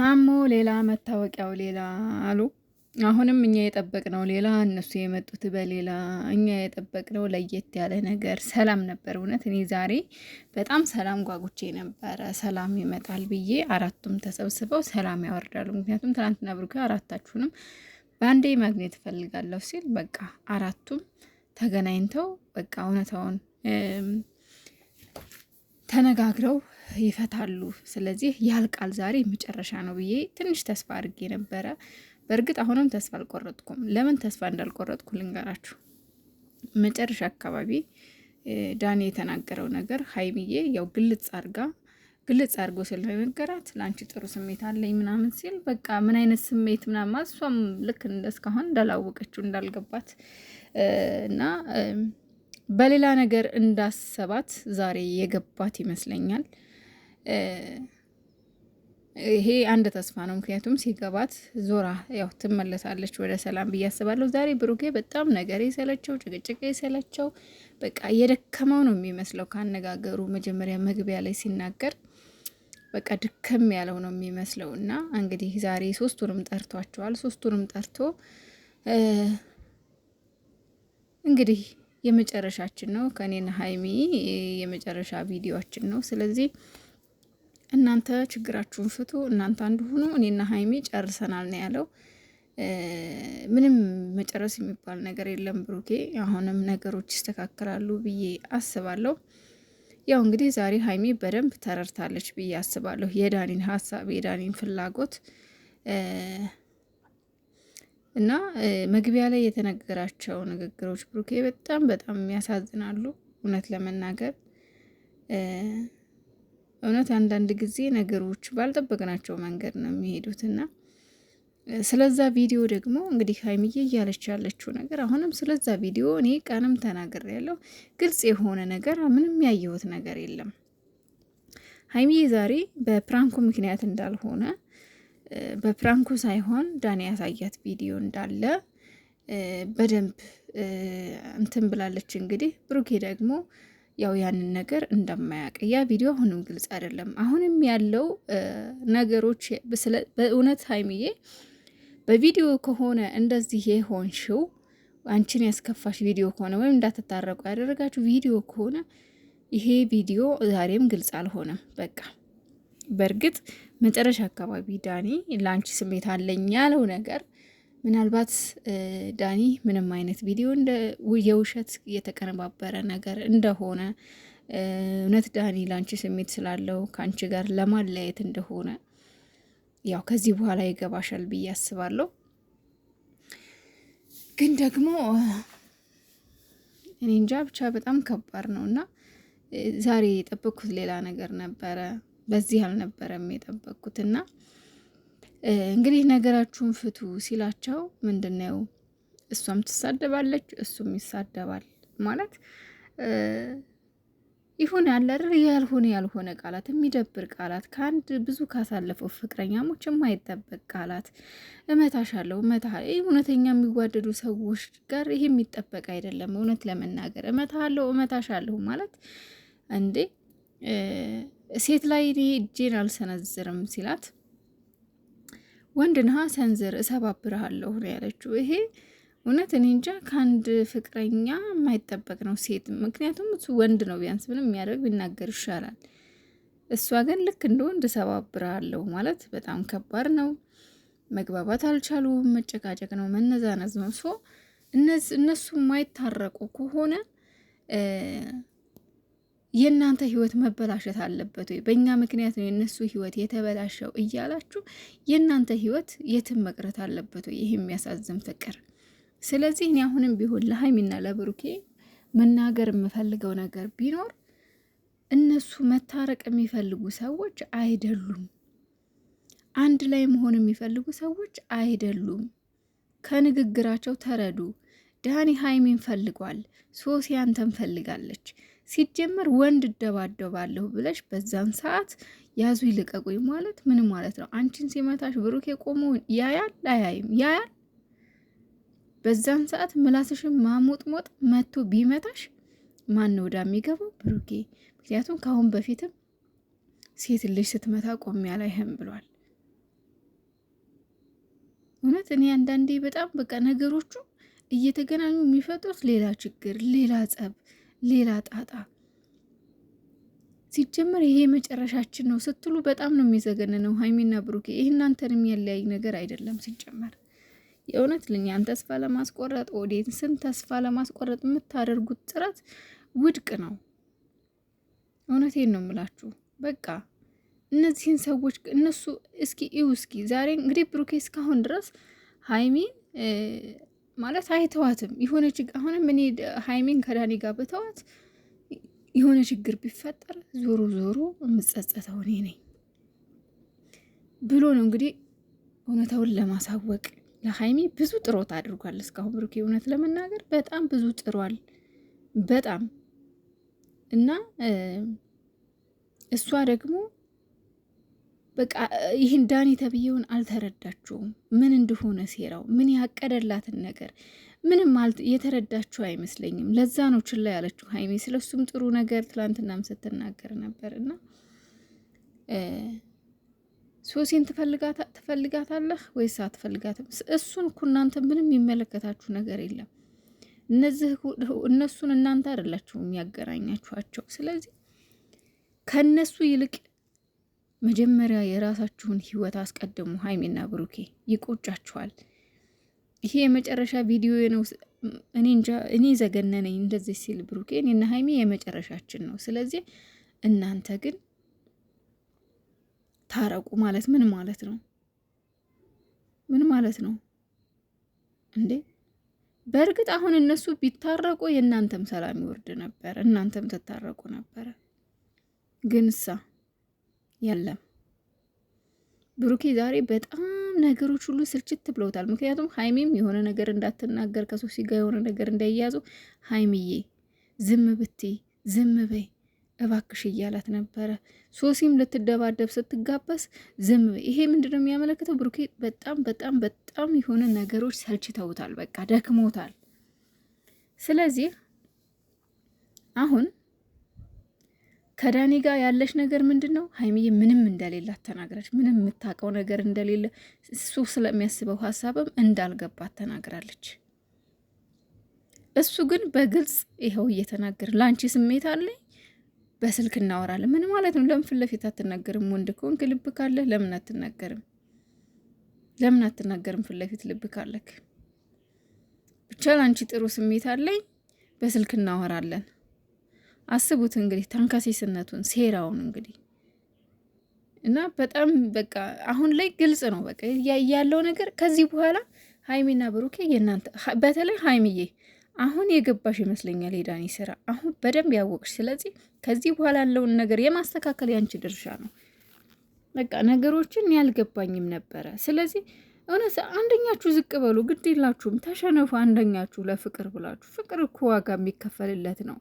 ማሞ ሌላ መታወቂያው ሌላ አሉ። አሁንም እኛ የጠበቅነው ሌላ እነሱ የመጡት በሌላ እኛ የጠበቅነው ለየት ያለ ነገር ሰላም ነበር። እውነት እኔ ዛሬ በጣም ሰላም ጓጉቼ ነበረ፣ ሰላም ይመጣል ብዬ አራቱም ተሰብስበው ሰላም ያወርዳሉ። ምክንያቱም ትናንትና ብሩኬ አራታችሁንም በአንዴ ማግኘት እፈልጋለሁ ሲል በቃ አራቱም ተገናኝተው በቃ እውነታውን ተነጋግረው ይፈታሉ። ስለዚህ ያልቃል፣ ዛሬ መጨረሻ ነው ብዬ ትንሽ ተስፋ አድርጌ ነበረ። በእርግጥ አሁንም ተስፋ አልቆረጥኩም። ለምን ተስፋ እንዳልቆረጥኩ ልንገራችሁ። መጨረሻ አካባቢ ዳኔ የተናገረው ነገር ሀይሚዬ ያው ግልጽ አርጋ ግልጽ አድርጎ ስለነገራት ለአንቺ ጥሩ ስሜት አለኝ ምናምን ሲል በቃ ምን አይነት ስሜት ምናምን እሷም ልክ እስካሁን እንዳላወቀችው እንዳልገባት እና በሌላ ነገር እንዳሰባት ዛሬ የገባት ይመስለኛል። ይሄ አንድ ተስፋ ነው። ምክንያቱም ሲገባት ዞራ ያው ትመለሳለች ወደ ሰላም ብዬ አስባለሁ። ዛሬ ብሩኬ በጣም ነገር የሰለቸው ጭቅጭቅ የሰለቸው በቃ የደከመው ነው የሚመስለው ካነጋገሩ መጀመሪያ መግቢያ ላይ ሲናገር በቃ ድከም ያለው ነው የሚመስለው እና እንግዲህ ዛሬ ሶስቱንም ጠርቷቸዋል። ሶስቱንም ጠርቶ እንግዲህ የመጨረሻችን ነው። ከኔን ሀይሚ የመጨረሻ ቪዲዮችን ነው። ስለዚህ እናንተ ችግራችሁን ፍቱ፣ እናንተ አንድ ሁኑ። እኔና ሀይሚ ጨርሰናል ነው ያለው። ምንም መጨረስ የሚባል ነገር የለም ብሩኬ። አሁንም ነገሮች ይስተካከላሉ ብዬ አስባለሁ። ያው እንግዲህ ዛሬ ሀይሚ በደንብ ተረድታለች ብዬ አስባለሁ የዳኒን ሀሳብ የዳኒን ፍላጎት እና መግቢያ ላይ የተነገራቸው ንግግሮች ብሩኬ በጣም በጣም የሚያሳዝናሉ። እውነት ለመናገር እውነት አንዳንድ ጊዜ ነገሮች ባልጠበቅናቸው መንገድ ነው የሚሄዱት እና ስለዛ ቪዲዮ ደግሞ እንግዲህ ሀይሚዬ እያለች ያለችው ነገር አሁንም ስለዛ ቪዲዮ እኔ ቀንም ተናግሬ ያለው ግልጽ የሆነ ነገር ምንም ያየሁት ነገር የለም። ሀይሚዬ ዛሬ በፕራንኩ ምክንያት እንዳልሆነ በፕራንኩ ሳይሆን ዳኒ ያሳያት ቪዲዮ እንዳለ በደንብ እንትን ብላለች። እንግዲህ ብሩኬ ደግሞ ያው ያንን ነገር እንደማያውቅ ያ ቪዲዮ አሁንም ግልጽ አይደለም። አሁንም ያለው ነገሮች በእውነት ሀይሚዬ በቪዲዮ ከሆነ እንደዚህ የሆንሽው አንቺን ያስከፋሽ ቪዲዮ ከሆነ ወይም እንዳትታረቁ ያደረጋችሁ ቪዲዮ ከሆነ ይሄ ቪዲዮ ዛሬም ግልጽ አልሆነም በቃ በእርግጥ መጨረሻ አካባቢ ዳኒ ለአንቺ ስሜት አለኝ ያለው ነገር ምናልባት ዳኒ ምንም አይነት ቪዲዮ የውሸት የተቀነባበረ ነገር እንደሆነ እውነት ዳኒ ለአንቺ ስሜት ስላለው ከአንቺ ጋር ለማለያየት እንደሆነ ያው ከዚህ በኋላ ይገባሻል ብዬ አስባለሁ። ግን ደግሞ እኔ እንጃ ብቻ በጣም ከባድ ነው እና ዛሬ የጠበቅኩት ሌላ ነገር ነበረ። በዚህ አልነበረም የጠበቅኩት። እና እንግዲህ ነገራችሁን ፍቱ ሲላቸው ምንድን ነው እሷም ትሳደባለች፣ እሱም ይሳደባል። ማለት ይሁን ያለ ር ያልሆነ ያልሆነ ቃላት፣ የሚደብር ቃላት፣ ከአንድ ብዙ ካሳለፈው ፍቅረኛሞች የማይጠበቅ ቃላት፣ እመታሻለሁ፣ እመታለሁ። እውነተኛ የሚዋደዱ ሰዎች ጋር ይሄ የሚጠበቅ አይደለም። እውነት ለመናገር እመታለሁ፣ እመታሻለሁ ማለት እንዴ ሴት ላይ እኔ እጄን አልሰነዝርም ሲላት ወንድ ነሃ ሰንዝር እሰባብርሃለሁ ነው ያለችው። ይሄ እውነት እኔ እንጃ ከአንድ ፍቅረኛ የማይጠበቅ ነው ሴት። ምክንያቱም እሱ ወንድ ነው ቢያንስ ምንም የሚያደርግ ቢናገር ይሻላል። እሷ ግን ልክ እንደ ወንድ እሰባብርሃለሁ ማለት በጣም ከባድ ነው። መግባባት አልቻሉም። መጨቃጨቅ ነው፣ መነዛነዝ ነው። እነሱ የማይታረቁ ከሆነ የእናንተ ህይወት መበላሸት አለበት ወይ? በእኛ ምክንያት ነው የእነሱ ህይወት የተበላሸው እያላችሁ የእናንተ ህይወት የትም መቅረት አለበት ወይ? ይህ የሚያሳዝን ፍቅር። ስለዚህ እኔ አሁንም ቢሆን ለሀይሚና ለብሩኬ መናገር የምፈልገው ነገር ቢኖር እነሱ መታረቅ የሚፈልጉ ሰዎች አይደሉም። አንድ ላይ መሆን የሚፈልጉ ሰዎች አይደሉም። ከንግግራቸው ተረዱ። ዳኒ ሀይሚን ፈልጓል፣ ሶሲ አንተን ፈልጋለች። ሲጀመር ወንድ እደባደባለሁ ብለሽ በዛን ሰዓት ያዙ ይልቀቁኝ ማለት ምን ማለት ነው? አንቺን ሲመታሽ ብሩክ የቆመውን ያያል አያይም? ያያል። በዛን ሰዓት ምላስሽን ማሞጥሞጥ መቶ ቢመታሽ ማን ነው ወዳ የሚገባው? ብሩኬ። ምክንያቱም ከአሁን በፊትም ሴት ልጅ ስትመታ ቆሜ አላይህም ብሏል። እውነት እኔ አንዳንዴ በጣም በቃ ነገሮቹ እየተገናኙ የሚፈጥሩት ሌላ ችግር፣ ሌላ ጸብ ሌላ ጣጣ። ሲጀመር ይሄ መጨረሻችን ነው ስትሉ በጣም ነው የሚዘገንነው። ሀይሚና ብሩኬ ይህ እናንተን የሚያለያይ ነገር አይደለም። ሲጀመር የእውነት ልኛን ተስፋ ለማስቆረጥ ኦዲየንስን ተስፋ ለማስቆረጥ የምታደርጉት ጥረት ውድቅ ነው። እውነቴን ነው የምላችሁ። በቃ እነዚህን ሰዎች እነሱ እስኪ ይው እስኪ ዛሬ እንግዲህ ብሩኬ እስካሁን ድረስ ሀይሚን ማለት አይተዋትም። የሆነ አሁንም እኔ ሀይሜን ከዳኒ ጋር በተዋት የሆነ ችግር ቢፈጠር ዞሮ ዞሮ የምጸጸተው እኔ ነኝ ብሎ ነው እንግዲህ እውነታውን ለማሳወቅ ለሀይሚ ብዙ ጥሮት አድርጓል። እስካሁን ብሩኬ እውነት ለመናገር በጣም ብዙ ጥሯል። በጣም እና እሷ ደግሞ በቃ ይህን ዳኒ ተብዬውን አልተረዳችውም። ምን እንደሆነ ሴራው፣ ምን ያቀደላትን ነገር ምንም የተረዳችው አይመስለኝም። ለዛ ነው ችላ ያለችው ሀይሜ። ስለሱም ጥሩ ነገር ትላንትናም ስትናገር ነበር እና ሶሲን ትፈልጋታለህ ወይስ አትፈልጋትም? እሱን እኮ እናንተ ምንም የሚመለከታችሁ ነገር የለም። እነዚህ እነሱን እናንተ አይደላችሁም ያገናኛችኋቸው። ስለዚህ ከእነሱ ይልቅ መጀመሪያ የራሳችሁን ህይወት አስቀድሙ። ሀይሜና ብሩኬ ይቆጫችኋል። ይሄ የመጨረሻ ቪዲዮ ነው። እኔ እንጃ፣ እኔ ዘገነነኝ እንደዚህ ሲል ብሩኬ። እኔና ሀይሜ የመጨረሻችን ነው። ስለዚህ እናንተ ግን ታረቁ ማለት ምን ማለት ነው? ምን ማለት ነው እንዴ? በእርግጥ አሁን እነሱ ቢታረቁ የእናንተም ሰላም ይወርድ ነበር፣ እናንተም ትታረቁ ነበረ። ግን የለም። ብሩኬ ዛሬ በጣም ነገሮች ሁሉ ስልችት ብለውታል። ምክንያቱም ሀይሜም የሆነ ነገር እንዳትናገር ከሶሲ ጋር የሆነ ነገር እንዳይያዙ ሀይምዬ ዝም ብትይ ዝም በይ እባክሽ እያላት ነበረ። ሶሲም ልትደባደብ ስትጋበስ ዝም በይ። ይሄ ምንድነው የሚያመለክተው? ብሩኬ በጣም በጣም በጣም የሆነ ነገሮች ሰልችተውታል። በቃ ደክሞታል። ስለዚህ አሁን ከዳኒ ጋር ያለሽ ነገር ምንድን ነው? ሀይሚዬ ምንም እንደሌላት ተናግራች ምንም የምታውቀው ነገር እንደሌለ እሱ ስለሚያስበው ሀሳብም እንዳልገባት ተናግራለች። እሱ ግን በግልጽ ይኸው እየተናገር ለአንቺ ስሜት አለኝ በስልክ እናወራለን። ምን ማለት ነው? ለምን ፊት ለፊት አትናገርም? ወንድ ከሆንክ ልብ ካለህ ለምን አትናገርም? ለምን አትናገርም? ፊት ለፊት ልብ ካለክ ብቻ ለአንቺ ጥሩ ስሜት አለኝ፣ በስልክ እናወራለን አስቡት እንግዲህ ተንከሲስነቱን፣ ሴራውን እንግዲህ እና በጣም በቃ አሁን ላይ ግልጽ ነው በቃ ያለው ነገር። ከዚህ በኋላ ሀይሚና ብሩኬ የእናንተ በተለይ ሀይሚዬ አሁን የገባሽ ይመስለኛል የዳኒ ስራ አሁን በደንብ ያወቅሽ። ስለዚህ ከዚህ በኋላ ያለውን ነገር የማስተካከል ያንቺ ድርሻ ነው። በቃ ነገሮችን ያልገባኝም ነበረ። ስለዚህ እውነት አንደኛችሁ ዝቅ በሉ፣ ግድ የላችሁም፣ ተሸነፉ አንደኛችሁ ለፍቅር ብላችሁ። ፍቅር እኮ ዋጋ የሚከፈልለት ነው።